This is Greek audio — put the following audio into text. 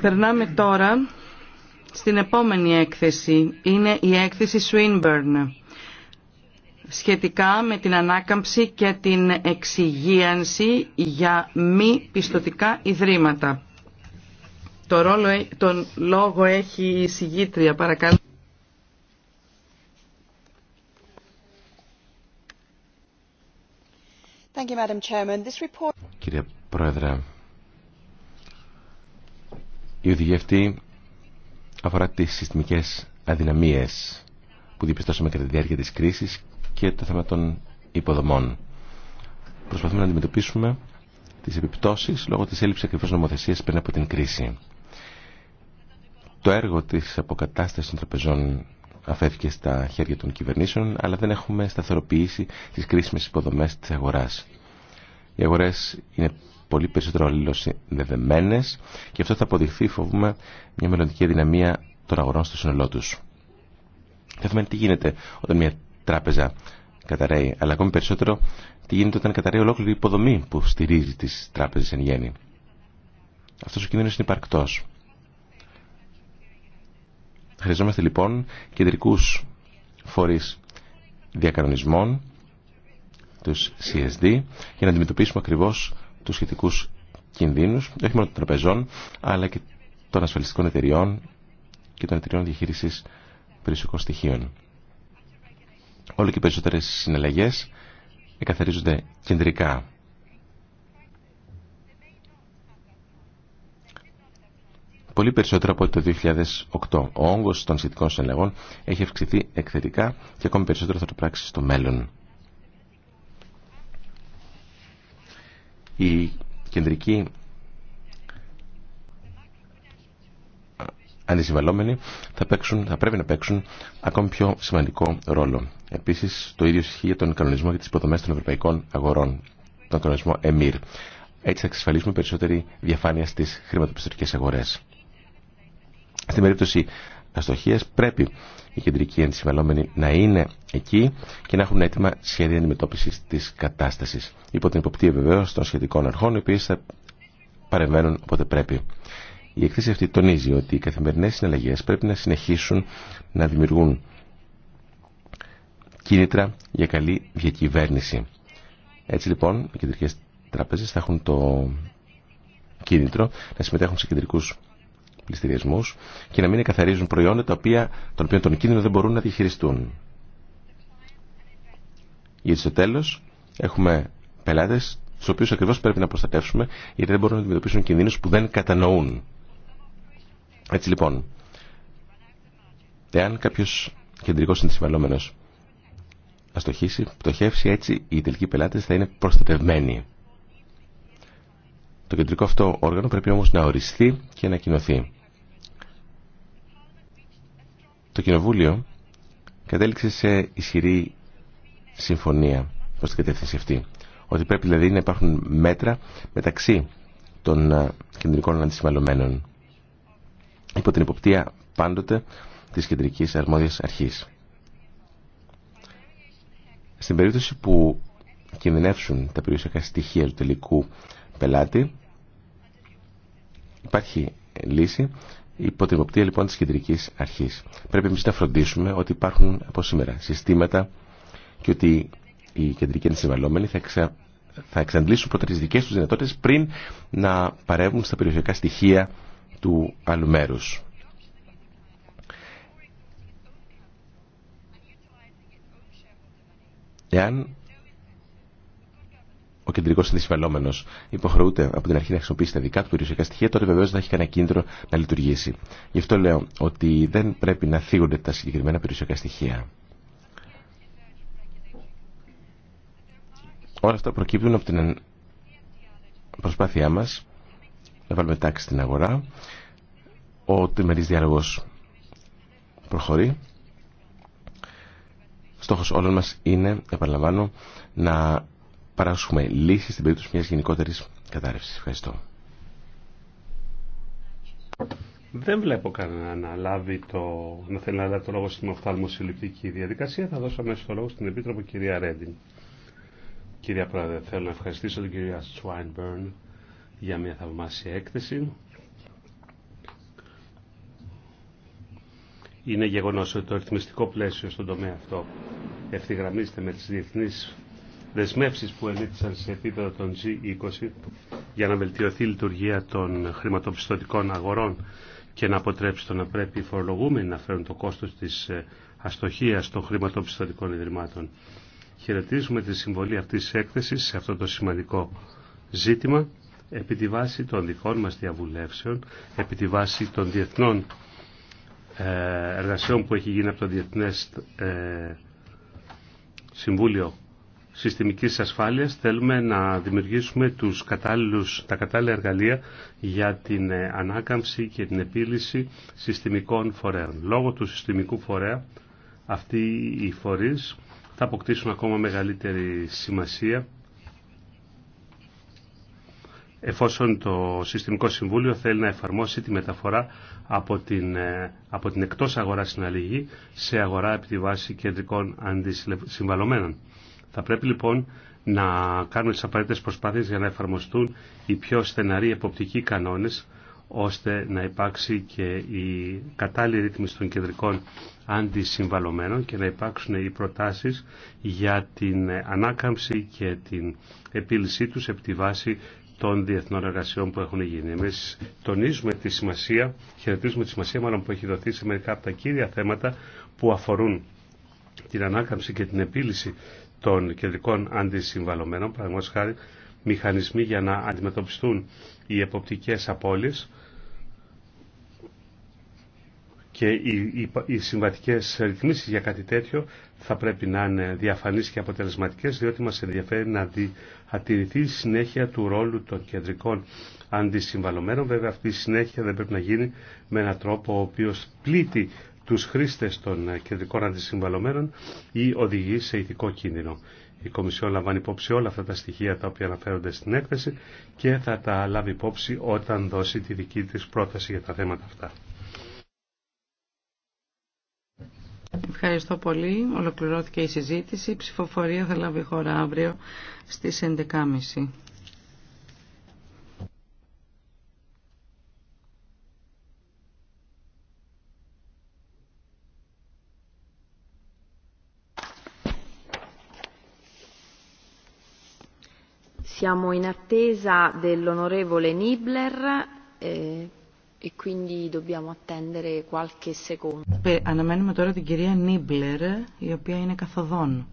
Περνάμε τώρα στην επόμενη έκθεση. Είναι η έκθεση Swinburne σχετικά με την ανάκαμψη και την εξυγίανση για μη πιστοτικά ιδρύματα. Το ρόλο, ε, τον λόγο έχει η συγγήτρια, παρακαλώ. Κύριε Πρόεδρε, η οδηγία αυτή αφορά τι συστημικές αδυναμίες που διαπιστώσαμε κατά τη διάρκεια της κρίσης και το θέμα των υποδομών. Προσπαθούμε να αντιμετωπίσουμε τις επιπτώσεις λόγω της έλλειψης ακριβώ νομοθεσία πριν από την κρίση. Το έργο της αποκατάστασης των τραπεζών αφέθηκε στα χέρια των κυβερνήσεων, αλλά δεν έχουμε σταθεροποιήσει τι κρίσιμε υποδομέ τη αγορά. Οι αγορές είναι πολύ περισσότερο αλληλοσυνδεδεμένε και αυτό θα αποδειχθεί, φοβούμε, μια μελλοντική δυναμία των αγορών στο σύνολό του. δούμε τι γίνεται όταν μια τράπεζα καταραίει, αλλά ακόμη περισσότερο τι γίνεται όταν καταραίει ολόκληρη η υποδομή που στηρίζει τι τράπεζε εν γέννη. Αυτό ο κίνδυνο είναι υπαρκτό. Χρειαζόμαστε λοιπόν κεντρικού φορεί διακανονισμών, του CSD, για να αντιμετωπίσουμε ακριβώ τους σχετικού κινδύνους, όχι μόνο των τραπεζών, αλλά και των ασφαλιστικών εταιριών και των εταιριών διαχείριση περιουσιακών στοιχείων. Όλο και περισσότερες συναλλαγέ εκαθαρίζονται κεντρικά. Πολύ περισσότερο από το 2008. Ο όγκος των σχετικών συναλλαγών έχει αυξηθεί εκθετικά και ακόμη περισσότερο θα το πράξει στο μέλλον. Η κεντρική αντισυμβαλόμενοι θα, παίξουν, θα πρέπει να παίξουν ακόμη πιο σημαντικό ρόλο. Επίσης, το ίδιο ισχύει για τον κανονισμό για τις υποδομές των ευρωπαϊκών αγορών, τον κανονισμό ΕΜΙΡ. Έτσι θα εξασφαλίσουμε περισσότερη διαφάνεια στις χρηματοπιστωτικές αγορές. Στην περίπτωση αστοχίας πρέπει οι κεντρικοί ενσημελόμενη να είναι εκεί και να έχουν έτοιμα σχέδια αντιμετώπισης της κατάστασης. Υπό την υποπτία βεβαίω των σχετικών αρχών, οι οποίες θα παρεμβαίνουν όποτε πρέπει. Η εκθέση αυτή τονίζει ότι οι καθημερινές συναλλαγές πρέπει να συνεχίσουν να δημιουργούν κίνητρα για καλή διακυβέρνηση. Έτσι λοιπόν οι κεντρικές τράπεζες θα έχουν το κίνητρο να συμμετέχουν σε κεντρικούς πληστηριασμού και να μην εκαθαρίζουν προϊόντα τα οποία, των οποίων τον κίνδυνο δεν μπορούν να διαχειριστούν. Γιατί στο τέλο έχουμε πελάτε του οποίου ακριβώ πρέπει να προστατεύσουμε γιατί δεν μπορούν να αντιμετωπίσουν κινδύνου που δεν κατανοούν. Έτσι λοιπόν, εάν κάποιο κεντρικό συνδυασμένο αστοχήσει, πτωχεύσει, έτσι οι τελικοί πελάτε θα είναι προστατευμένοι. Το κεντρικό αυτό όργανο πρέπει όμως να οριστεί και να κοινωθεί. Το Κοινοβούλιο κατέληξε σε ισχυρή συμφωνία προ την κατεύθυνση αυτή. Ότι πρέπει δηλαδή να υπάρχουν μέτρα μεταξύ των ε, κεντρικών αντισυμβαλωμένων. Υπό την υποπτία πάντοτε της κεντρικής αρμόδιας αρχής. Στην περίπτωση που κινδυνεύσουν τα περιουσιακά στοιχεία του τελικού πελάτη, υπάρχει λύση υπό την οπτία λοιπόν της κεντρικής αρχής. Πρέπει εμείς να φροντίσουμε ότι υπάρχουν από σήμερα συστήματα και ότι οι κεντρικοί ενσυμβαλόμενοι θα, θα εξαντλήσουν πρώτα τις δικές τους δυνατότητες πριν να παρεύουν στα περιοχικά στοιχεία του άλλου μέρου. Εάν ο κεντρικό συνδυσφαλόμενο υποχρεούται από την αρχή να χρησιμοποιήσει τα δικά του περιουσιακά στοιχεία, τότε βεβαίω θα έχει κανένα κίνδυνο να λειτουργήσει. Γι' αυτό λέω ότι δεν πρέπει να θίγονται τα συγκεκριμένα περιουσιακά στοιχεία. Όλα αυτά προκύπτουν από την προσπάθειά μα να βάλουμε τάξη στην αγορά. Ο τριμερή διάλογο προχωρεί. Στόχος όλων μας είναι, επαναλαμβάνω, να παράσχουμε λύσεις στην περίπτωση μιας γενικότερης κατάρρευσης. Ευχαριστώ. Δεν βλέπω κανένα να, λάβει το, να θέλει να λάβει το λόγο στην οφθαλμοσυλληπτική διαδικασία. Θα δώσω αμέσως το λόγο στην Επίτροπο κυρία Ρέντιν. Κυρία Πρόεδρε, θέλω να ευχαριστήσω την κύρια Σουάινμπερν για μια θαυμάσια έκθεση. Είναι γεγονός ότι το ρυθμιστικό πλαίσιο στον τομέα αυτό ευθυγραμμίζεται με τις διεθνείς δεσμεύσεις που ελήφθησαν σε επίπεδο των G20 για να βελτιωθεί η λειτουργία των χρηματοπιστωτικών αγορών και να αποτρέψει το να πρέπει οι φορολογούμενοι να φέρουν το κόστος της ε, αστοχίας των χρηματοπιστωτικών ιδρυμάτων. Χαιρετίζουμε τη συμβολή αυτής της έκθεσης σε αυτό το σημαντικό ζήτημα επί τη βάση των δικών μας διαβουλεύσεων, επί τη βάση των διεθνών ε, εργασιών που έχει γίνει από το Διεθνές ε, Συμβούλιο συστημικής ασφάλειας θέλουμε να δημιουργήσουμε τους κατάλληλους, τα κατάλληλα εργαλεία για την ε, ανάκαμψη και την επίλυση συστημικών φορέων. Λόγω του συστημικού φορέα αυτοί οι φορείς θα αποκτήσουν ακόμα μεγαλύτερη σημασία εφόσον το Συστημικό Συμβούλιο θέλει να εφαρμόσει τη μεταφορά από την, ε, από την εκτός αγορά στην σε αγορά επί τη βάση κεντρικών αντισυμβαλωμένων. Θα πρέπει λοιπόν να κάνουμε τις απαραίτητες προσπάθειες για να εφαρμοστούν οι πιο στεναροί εποπτικοί κανόνες ώστε να υπάρξει και η κατάλληλη ρύθμιση των κεντρικών αντισυμβαλωμένων και να υπάρξουν οι προτάσεις για την ανάκαμψη και την επίλυσή τους επί τη βάση των διεθνών εργασιών που έχουν γίνει. Εμείς τονίζουμε τη σημασία, χαιρετίζουμε τη σημασία μάλλον που έχει δοθεί σε μερικά από τα κύρια θέματα που αφορούν την ανάκαμψη και την επίλυση των κεντρικών αντισυμβαλωμένων, πραγματικά χάρη μηχανισμοί για να αντιμετωπιστούν οι εποπτικές απώλειες και οι συμβατικές ρυθμίσεις για κάτι τέτοιο θα πρέπει να είναι διαφανείς και αποτελεσματικές διότι μας ενδιαφέρει να ατηρηθεί η συνέχεια του ρόλου των κεντρικών αντισυμβαλωμένων. Βέβαια αυτή η συνέχεια δεν πρέπει να γίνει με έναν τρόπο ο οποίος πλήττει τους χρήστες των ε, κεντρικών αντισυμβαλωμένων ή οδηγεί σε ηθικό κίνδυνο. Η Κομισιόν λαμβάνει υπόψη όλα αυτά τα στοιχεία τα οποία αναφέρονται στην έκθεση και θα τα λάβει υπόψη όταν δώσει τη δική της πρόταση για τα θέματα αυτά. Ευχαριστώ πολύ. Ολοκληρώθηκε η συζήτηση. Η ψηφοφορία θα λάβει χώρα αύριο στις 11.30. Siamo in attesa dell'onorevole Nibler e quindi dobbiamo attendere qualche secondo. Αναμένουμε τώρα την κυρία Νίμπλερ, η οποία είναι καθοδόν.